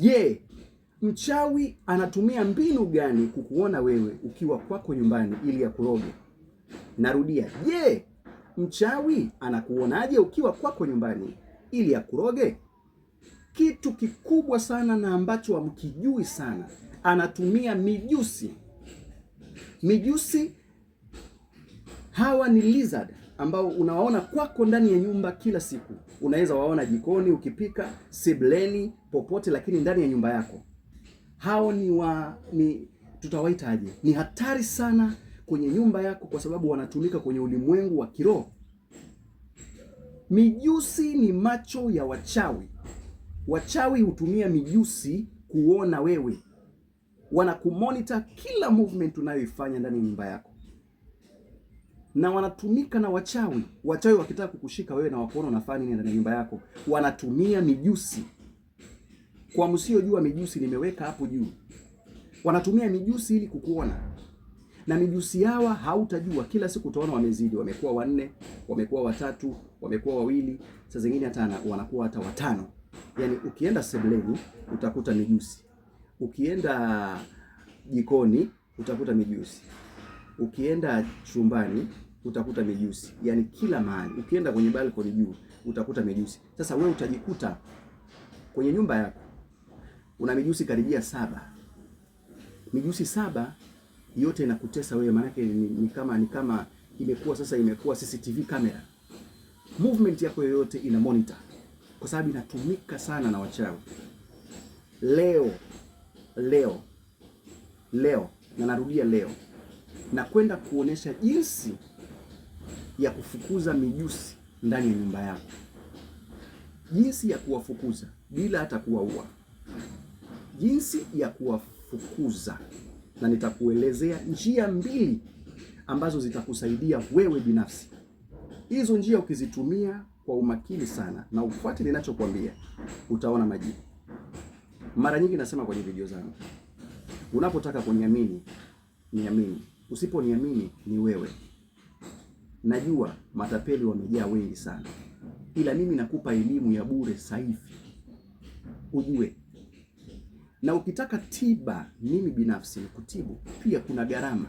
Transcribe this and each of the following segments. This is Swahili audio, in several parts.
Je, mchawi anatumia mbinu gani kukuona wewe ukiwa kwako nyumbani ili akuroge? Narudia, je, mchawi anakuonaje ukiwa kwako nyumbani ili akuroge? Kitu kikubwa sana na ambacho hamkijui sana, anatumia mijusi. Mijusi hawa ni lizard ambao unawaona kwako ndani ya nyumba kila siku unaweza waona jikoni, ukipika, sibleni popote, lakini ndani ya nyumba yako hao ni wa ni tutawaitaje, ni hatari sana kwenye nyumba yako, kwa sababu wanatumika kwenye ulimwengu wa kiroho. Mijusi ni macho ya wachawi. Wachawi hutumia mijusi kuona wewe, wanakumonita kila movement unayoifanya ndani ya nyumba yako na wanatumika na wachawi. Wachawi wakitaka kukushika wewe na wakuona unafanya nini ndani ya nyumba yako, wanatumia mijusi. Kwa msiojua mijusi, nimeweka hapo juu. Wanatumia mijusi ili kukuona, na mijusi hawa hautajua. Kila siku utaona wamezidi, wamekuwa wanne, wamekuwa watatu, wamekuwa wawili, saa zingine hata wanakuwa hata watano. Yani ukienda sebuleni utakuta mijusi, ukienda jikoni utakuta mijusi. Ukienda chumbani utakuta mijusi, yani kila mahali. Ukienda kwenye balcony juu utakuta mijusi. Sasa wewe utajikuta kwenye nyumba yako una mijusi karibia saba, mijusi saba yote inakutesa wewe, maanake ni, ni kama ni kama imekuwa sasa, imekuwa CCTV kamera, movement yako yoyote ina monitor, kwa sababu inatumika sana na wachawi. Leo leo leo, na narudia leo na kwenda kuonesha jinsi ya kufukuza mijusi ndani ya nyumba yako, jinsi ya kuwafukuza bila hata kuwaua, jinsi ya kuwafukuza, na nitakuelezea njia mbili ambazo zitakusaidia wewe binafsi. Hizo njia ukizitumia kwa umakini sana na ufuate ninachokwambia, utaona majibu. Mara nyingi nasema kwenye video zangu, unapotaka kuniamini niamini Usiponiamini ni wewe. Najua matapeli wamejaa wengi sana, ila mimi nakupa elimu ya bure sasa hivi ujue. Na ukitaka tiba, mimi binafsi nikutibu pia, kuna gharama.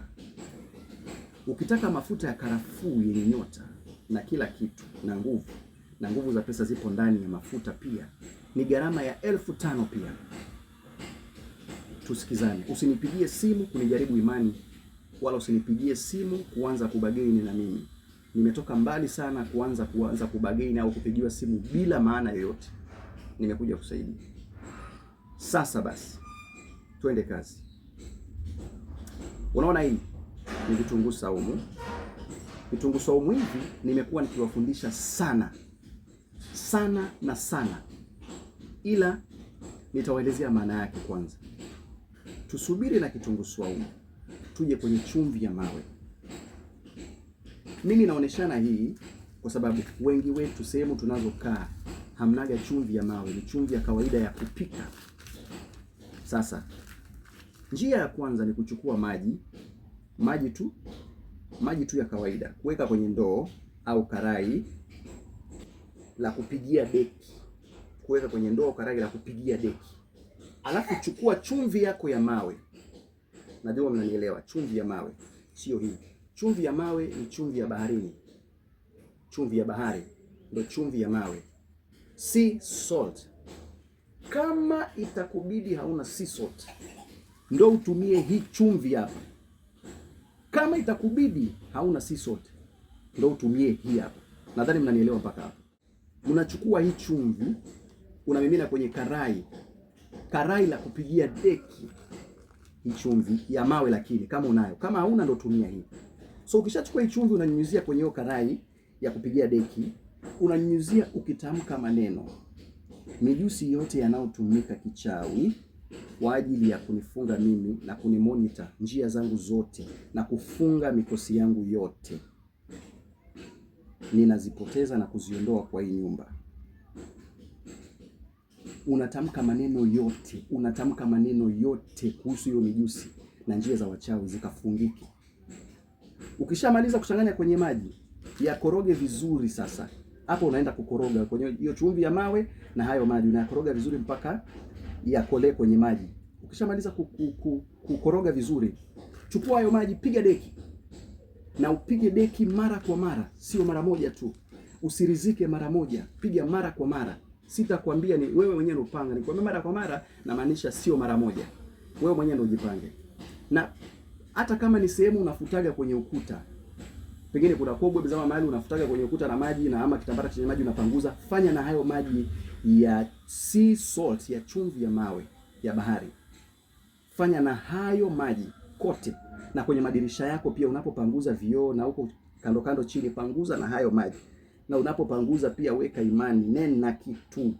Ukitaka mafuta ya karafuu yenye nyota na kila kitu na nguvu na nguvu za pesa zipo ndani ya mafuta pia, ni gharama ya elfu tano pia. Tusikizane, usinipigie simu kunijaribu imani wala usinipigie simu kuanza kubageni na mimi. Nimetoka mbali sana kuanza kuanza kubageni au kupigiwa simu bila maana yoyote. Nimekuja kusaidia. Sasa basi, twende kazi. Unaona, hii ni vitunguu saumu. Vitunguu saumu hivi nimekuwa nikiwafundisha sana sana na sana, ila nitawaelezea maana yake kwanza. Tusubiri na kitunguu saumu tuje kwenye chumvi ya mawe. Mimi naoneshana hii kwa sababu wengi wetu sehemu tunazokaa hamnaga chumvi ya mawe, ni chumvi ya kawaida ya kupika. Sasa njia ya kwanza ni kuchukua maji, maji tu, maji tu ya kawaida, kuweka kwenye ndoo au karai la kupigia deki, kuweka kwenye ndoo karai la kupigia deki, alafu chukua chumvi yako ya mawe najua mnanielewa. Chumvi ya mawe sio hii. Chumvi ya mawe ni chumvi ya baharini, chumvi ya bahari ndio chumvi ya mawe, sea salt. Kama itakubidi hauna sea salt, ndio utumie hii chumvi hapa. Kama itakubidi hauna sea salt, ndio utumie hii hapa. Nadhani mnanielewa mpaka hapa. Mnachukua hii chumvi unamimina kwenye karai, karai la kupigia deki hii chumvi ya mawe lakini kama unayo. Kama hauna ndo tumia hii. So ukishachukua hii chumvi unanyunyuzia kwenye hiyo karai ya kupigia deki, unanyunyuzia ukitamka maneno mijusi yote yanayotumika kichawi kwa ajili ya kunifunga mimi na kunimonita njia zangu zote na kufunga mikosi yangu yote ninazipoteza na kuziondoa kwa hii nyumba unatamka maneno yote, unatamka maneno yote kuhusu hiyo mijusi na njia za wachawi zikafungike. Ukishamaliza kuchanganya kwenye maji, yakoroge vizuri. Sasa hapo unaenda kukoroga kwenye hiyo chumvi ya mawe na hayo maji, unayakoroga vizuri mpaka yakolee kwenye maji. Ukishamaliza kukoroga vizuri, chukua hayo maji, piga deki na upige deki mara kwa mara, sio mara moja tu. Usirizike mara moja, piga mara kwa mara sitakwambia ni wewe mwenyewe ndio upanga. Nikwambia mara kwa mara na maanisha sio mara moja. Wewe mwenyewe ndio ujipange. Na hata kama ni sehemu unafutaga kwenye ukuta, pengine kuna kobwe bizama mahali unafutaga kwenye ukuta na maji na ama kitambara chenye maji unapanguza, fanya na hayo maji ya sea salt, ya chumvi ya mawe ya bahari. Fanya na hayo maji kote na kwenye madirisha yako pia, unapopanguza vioo na huko kando kando chini, panguza na hayo maji na unapopanguza pia weka imani, nena kitu.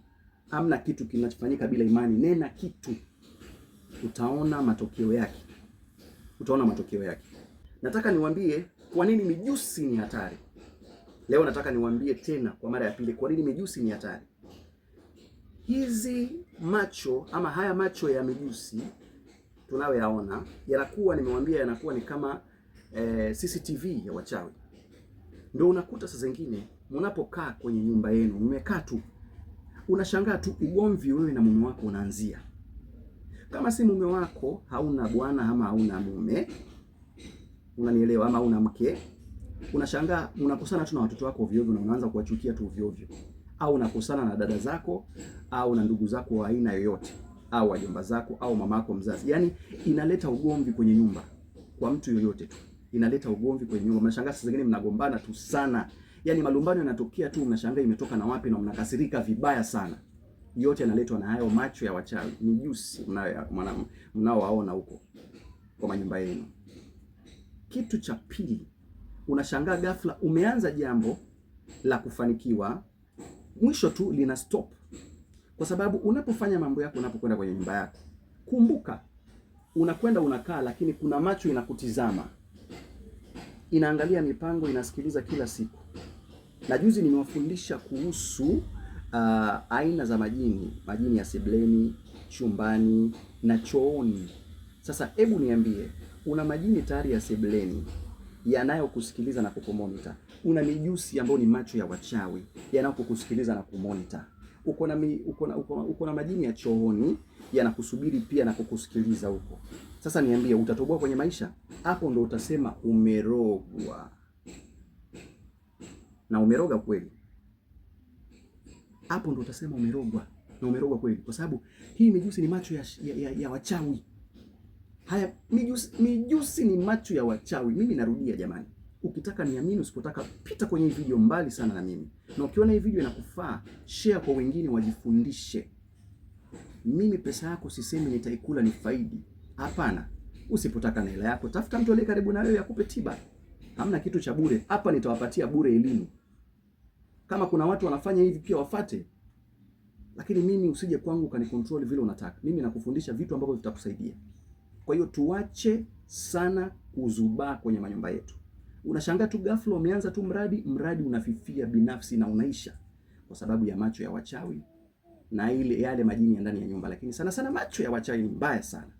Hamna kitu kinachofanyika bila imani. Nena kitu, utaona matokeo yake, utaona matokeo yake. Nataka niwambie kwa nini mijusi ni hatari leo. Nataka niwambie tena kwa mara ya pili kwa nini mijusi ni hatari. Hizi macho ama haya macho ya mijusi tunayoyaona yanakuwa, nimewambia yanakuwa ni kama eh, CCTV ya wachawi. Ndio unakuta saa zingine mnapokaa kwenye nyumba yenu, mmekaa tu, unashangaa tu ugomvi wewe na mume wako unaanzia. Kama si mume wako, hauna bwana ama hauna mume, unanielewa, ama hauna mke, unashangaa unakosana tu na watoto wako ovyo ovyo, na unaanza kuwachukia tu ovyo ovyo, au unakosana na dada zako au na ndugu zako wa aina yoyote au wajomba zako au mamako mzazi. yani inaleta ugomvi kwenye nyumba kwa mtu yoyote tu, inaleta ugomvi kwenye nyumba. Mnashangaa saa zingine mnagombana tu sana. Yaani malumbano yanatokea tu, mnashangaa imetoka na wapi, na mnakasirika vibaya sana. Yote yanaletwa na hayo macho ya wachawi, ni mijusi mnaowaona huko kwa manyumba yenu. Kitu cha pili, unashangaa ghafla umeanza jambo la kufanikiwa, mwisho tu lina stop, kwa sababu unapofanya mambo yako, unapokwenda kwenye nyumba yako, kumbuka unakwenda unakaa, lakini kuna macho inakutizama, inaangalia mipango, inasikiliza kila siku na juzi nimewafundisha kuhusu uh, aina za majini, majini ya sebleni, chumbani na chooni. Sasa hebu niambie, una majini tayari ya sebleni yanayokusikiliza na kukumonita? Una mijusi ambayo ni macho ya wachawi yanayokukusikiliza na kumonita? Uko na uko na uko na majini ya chooni yanakusubiri pia na kukusikiliza huko. Sasa niambie, utatoboa kwenye maisha? Hapo ndo utasema umerogwa na umeroga kweli, hapo ndo utasema umerogwa na umerogwa kweli, kwa sababu hii mijusi ni macho ya, ya, ya, ya wachawi. Haya mijusi, mijusi ni macho ya wachawi. Mimi narudia jamani, ukitaka niamini, usipotaka pita kwenye hii video mbali sana na mimi, na ukiona hii video inakufaa share kwa wengine wajifundishe. Mimi pesa yako sisemi nitaikula ni faidi, hapana. Usipotaka na hela yako, tafuta mtu aliye karibu na wewe akupe tiba. Hamna kitu cha bure hapa, nitawapatia bure elimu. Kama kuna watu wanafanya hivi pia wafate, lakini mimi usije kwangu ukanikontrol vile unataka. Mimi nakufundisha vitu ambavyo vitakusaidia. Kwa hiyo tuache sana kuzubaa kwenye manyumba yetu. Unashangaa tu ghafla umeanza tu mradi, mradi unafifia binafsi na unaisha kwa sababu ya macho ya wachawi na ile yale majini ya ndani ya nyumba. Lakini sana sana macho ya wachawi ni mbaya sana,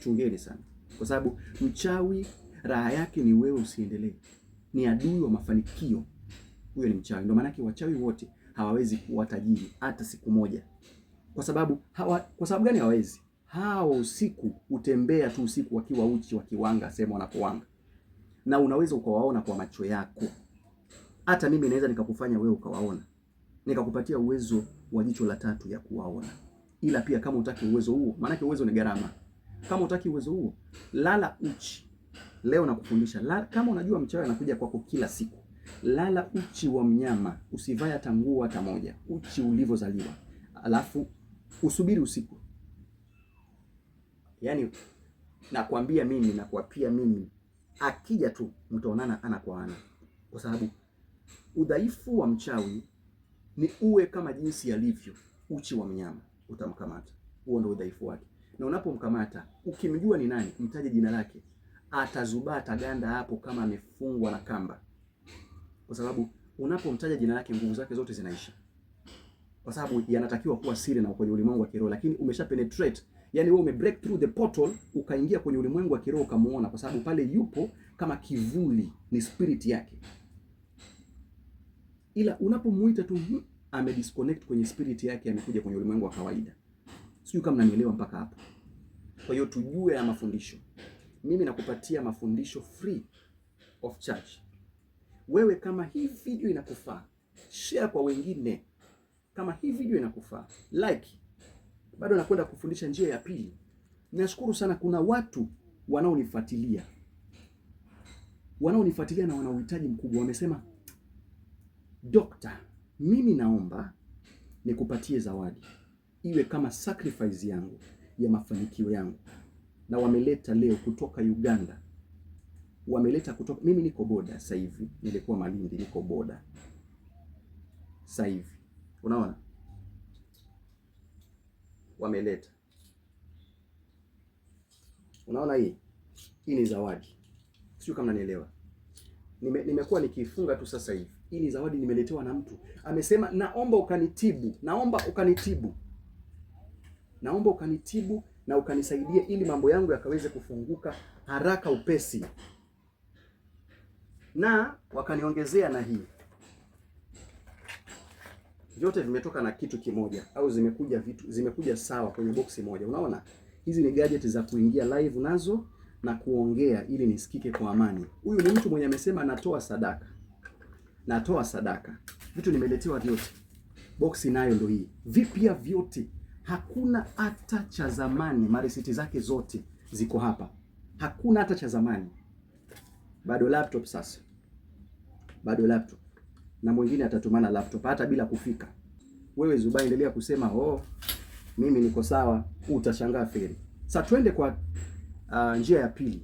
chungeni sana, kwa sababu mchawi raha yake ni wewe usiendelee, ni adui wa mafanikio huyo ni mchawi. Ndio maana wachawi wote hawawezi kuwa tajiri hata siku moja. Kwa sababu hawa, kwa sababu gani hawawezi? Hao usiku utembea tu usiku wakiwa uchi, wakiwanga sehemu wanapowanga, na unaweza ukawaona kwa macho yako. Hata mimi naweza nikakufanya wewe ukawaona, nikakupatia uwezo wa jicho la tatu ya kuwaona, ila pia kama utaki uwezo huo, maana uwezo ni gharama. Kama utaki uwezo huo, lala uchi. Leo nakufundisha, kama unajua mchawi anakuja kwako kila siku Lala uchi wa mnyama, usivae hata nguo hata moja, uchi ulivyozaliwa, alafu usubiri usiku. Yaani nakwambia mimi, nakuapia mimi, akija tu mtaonana ana kwa ana, kwa sababu udhaifu wa mchawi ni uwe kama jinsi alivyo uchi wa mnyama, utamkamata. Huo ndio udhaifu wake, na unapomkamata ukimjua ni nani, mtaje jina lake, atazubaa, ataganda hapo kama amefungwa na kamba kwa sababu unapomtaja jina lake nguvu zake zote zinaisha, kwa sababu yanatakiwa kuwa siri na kwenye ulimwengu wa kiroho, lakini umesha penetrate, yani wewe ume break through the portal, ukaingia kwenye ulimwengu wa kiroho ukamuona, kwa sababu pale yupo kama kivuli, ni spirit yake. Ila unapomuita tu hmm, ame disconnect kwenye spirit yake, amekuja kwenye ulimwengu wa kawaida. Sijui kama nanielewa mpaka hapo. Kwa hiyo tujue ya mafundisho. Mimi nakupatia mafundisho free of charge wewe, kama hii video inakufaa, share kwa wengine. Kama hii video inakufaa, like. Bado nakwenda kufundisha njia ya pili. Nashukuru sana, kuna watu wanaonifuatilia wanaonifuatilia na wana uhitaji mkubwa, wamesema dokta, mimi naomba nikupatie zawadi iwe kama sacrifice yangu ya mafanikio yangu, na wameleta leo kutoka Uganda wameleta kutoka. Mimi niko boda sasa hivi, nilikuwa Malindi, niko boda sasa hivi, unaona wameleta unaona, hii hii ni zawadi, sio kama nanielewa. Nime, nimekuwa nikiifunga tu sasa hivi. Hii ni zawadi nimeletewa na mtu, amesema naomba ukanitibu, naomba ukanitibu, naomba ukanitibu na ukanisaidia ili mambo yangu yakaweze kufunguka haraka upesi na wakaniongezea na hii vyote vimetoka na kitu kimoja au zimekuja vitu zimekuja sawa kwenye boksi moja. Unaona, hizi ni gadget za kuingia live nazo na kuongea ili nisikike kwa amani. Huyu ni mtu mwenye amesema natoa sadaka, natoa sadaka, vitu nimeletewa vyote, boksi nayo ndio hii, vipya vyote, hakuna hata cha zamani. Marisiti zake zote ziko hapa, hakuna hata cha zamani, bado laptop sasa bado laptop na mwingine atatumana laptop hata bila kufika. Wewe Zuba, endelea kusema oh, mimi niko sawa, utashangaa feri. Sasa twende kwa uh, njia ya pili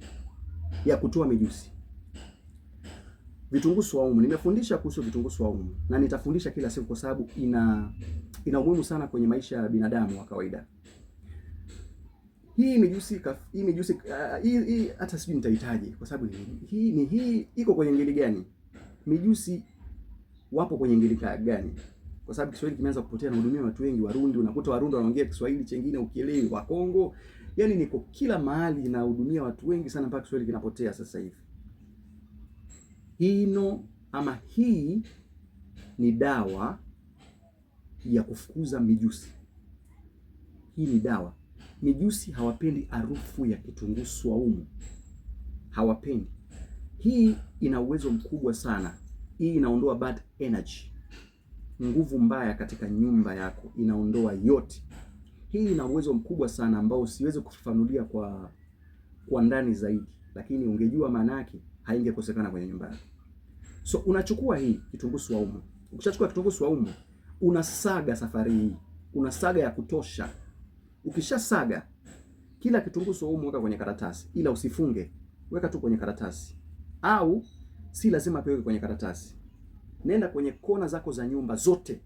ya kutoa mijusi, vitunguu swaumu. Nimefundisha kuhusu vitunguu swaumu na nitafundisha kila siku, kwa sababu ina ina umuhimu sana kwenye maisha ya binadamu wa kawaida. Hii mijusi hii mijusi ah, hii hata sijui nitahitaji, kwa sababu hii ni hii iko kwenye ngeli gani? mijusi wapo kwenye ngilika gani? Kwa sababu Kiswahili kimeanza kupotea na hudumia watu wengi. Warundi unakuta Warundi wanaongea Kiswahili chengine ukielewi, wa Kongo, yani niko kila mahali na hudumia watu wengi sana mpaka Kiswahili kinapotea sasa hivi. Hino ama hii ni dawa ya kufukuza mijusi. Hii ni dawa. Mijusi hawapendi harufu ya kitunguu swaumu, hawapendi. Hii ina uwezo mkubwa sana. Hii inaondoa bad energy, nguvu mbaya katika nyumba yako, inaondoa yote. Hii ina uwezo mkubwa sana ambao siwezi kufafanulia kwa kwa ndani zaidi, lakini ungejua maana yake haingekosekana kwenye nyumba yako. So unachukua hii kitunguu swaumu. Ukishachukua kitunguu swaumu, unasaga safari hii, unasaga ya kutosha. Ukishasaga kila kitunguu swaumu, weka kwenye karatasi, ila usifunge, weka tu kwenye karatasi au si lazima apeweke kwenye karatasi. Nenda kwenye kona zako za nyumba zote,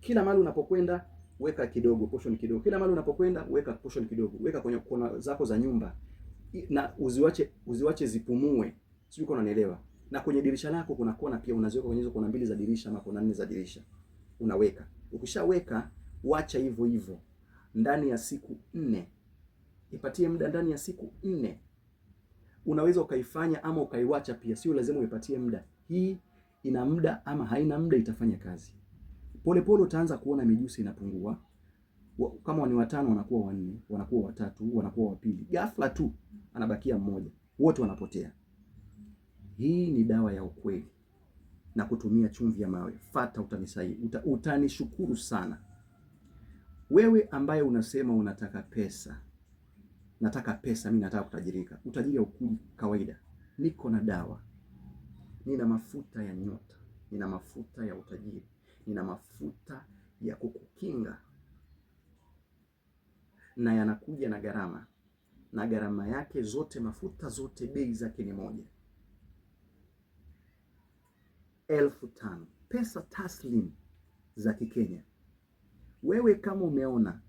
kila mahali unapokwenda weka kidogo portion kidogo, kila mahali unapokwenda weka portion kidogo, weka kwenye kona zako za nyumba na uziwache uziwache zipumue, sijui uko unanielewa. Na kwenye dirisha lako kuna kona pia unaziweka kwenye hizo kona mbili za dirisha ama kona nne za dirisha, unaweka. Ukishaweka wacha hivyo hivyo ndani ya siku nne, ipatie muda ndani ya siku nne unaweza ukaifanya ama ukaiwacha pia, sio lazima uipatie muda. Hii ina muda ama haina muda, itafanya kazi polepole. Utaanza kuona mijusi inapungua, kama ni watano wanakuwa wanne, wanakuwa watatu, wanakuwa wapili, ghafla tu anabakia mmoja, wote wanapotea. Hii ni dawa ya ukweli na kutumia chumvi ya mawe. Fata, utanisaidia uta, utanishukuru sana. Wewe ambaye unasema unataka pesa nataka pesa, mimi nataka kutajirika. Utajiri haukuji kawaida. Niko na dawa, nina mafuta ya nyota, nina mafuta ya utajiri, nina mafuta ya kukukinga, na yanakuja na gharama, na gharama yake zote, mafuta zote, bei zake ni moja, elfu tano pesa taslim za Kikenya. Wewe kama umeona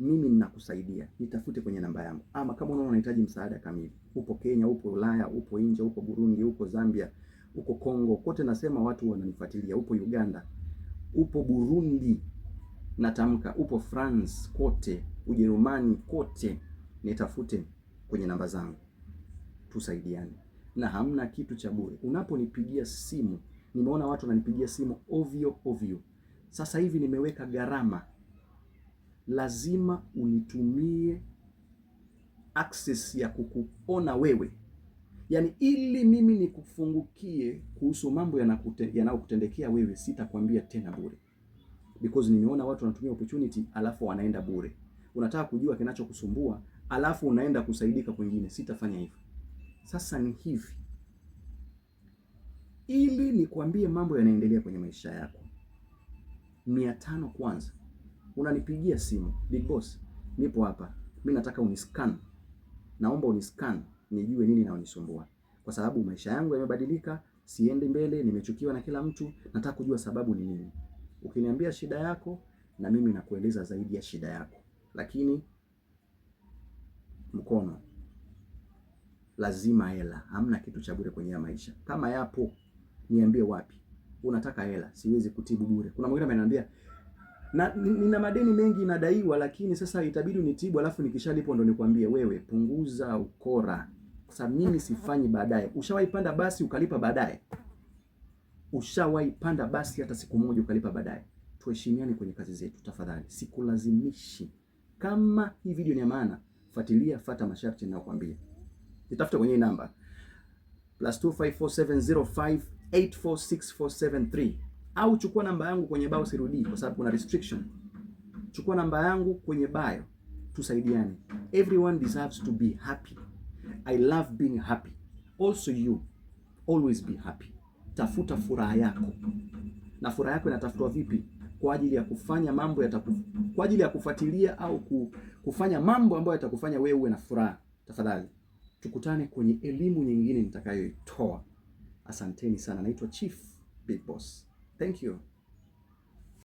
mimi ninakusaidia, nitafute kwenye namba yangu, ama kama unaona unahitaji msaada kamili, upo Kenya, upo Ulaya, upo nje, upo Burundi, upo Zambia, upo Kongo, kote nasema watu wananifuatilia, upo Uganda, upo Burundi, natamka upo France, kote Ujerumani, kote nitafute kwenye namba zangu, tusaidiane na hamna kitu cha bure. Unaponipigia simu, nimeona watu wananipigia simu ovyo ovyo. Sasa hivi nimeweka gharama lazima unitumie access ya kukuona wewe, yaani ili mimi nikufungukie kuhusu mambo yanayokutendekea wewe, sitakwambia tena bure, because nimeona watu wanatumia opportunity alafu wanaenda bure. Unataka kujua kinachokusumbua alafu unaenda kusaidika kwingine, sitafanya hivyo. Sasa ni hivi, ili nikwambie mambo yanaendelea kwenye maisha yako, mia tano kwanza unanipigia simu, big boss, nipo hapa, mi nataka uniscan, naomba uniscan nijue nini naonisumbua, kwa sababu maisha yangu yamebadilika, siendi mbele, nimechukiwa na kila mtu, nataka kujua sababu ni nini. Ukiniambia shida yako, na mimi nakueleza zaidi ya shida yako, lakini mkono lazima hela. Hamna kitu cha bure kwenye maisha. Kama yapo niambie wapi. Unataka hela, siwezi kutibu bure. Kuna mwingine ameniambia na nina madeni mengi inadaiwa, lakini sasa itabidi nitibu, alafu nikishalipo ndo nikwambie wewe, punguza ukora. kwa sababu mimi sifanyi baadaye. Ushawaipanda basi ukalipa baadaye? Ushawaipanda basi hata siku moja ukalipa baadaye? Tuheshimiane kwenye kazi zetu tafadhali, sikulazimishi. Kama hii video ni ya maana, fuatilia, fata masharti ninayokuambia. Nitafuta kwenye namba +254705846473 au chukua namba yangu kwenye bio sirudi, kwa sababu kuna restriction. Chukua namba yangu kwenye bio, tusaidiane. Everyone deserves to be happy. I love being happy, also you always be happy. Tafuta furaha yako, na furaha yako inatafutwa vipi? Kwa ajili ya kufanya mambo yataku, kwa ajili ya kufuatilia au kufanya mambo ambayo yatakufanya wewe uwe na furaha. Tafadhali tukutane kwenye elimu nyingine nitakayoitoa. Asanteni sana, naitwa Chief Big Boss. Thank you.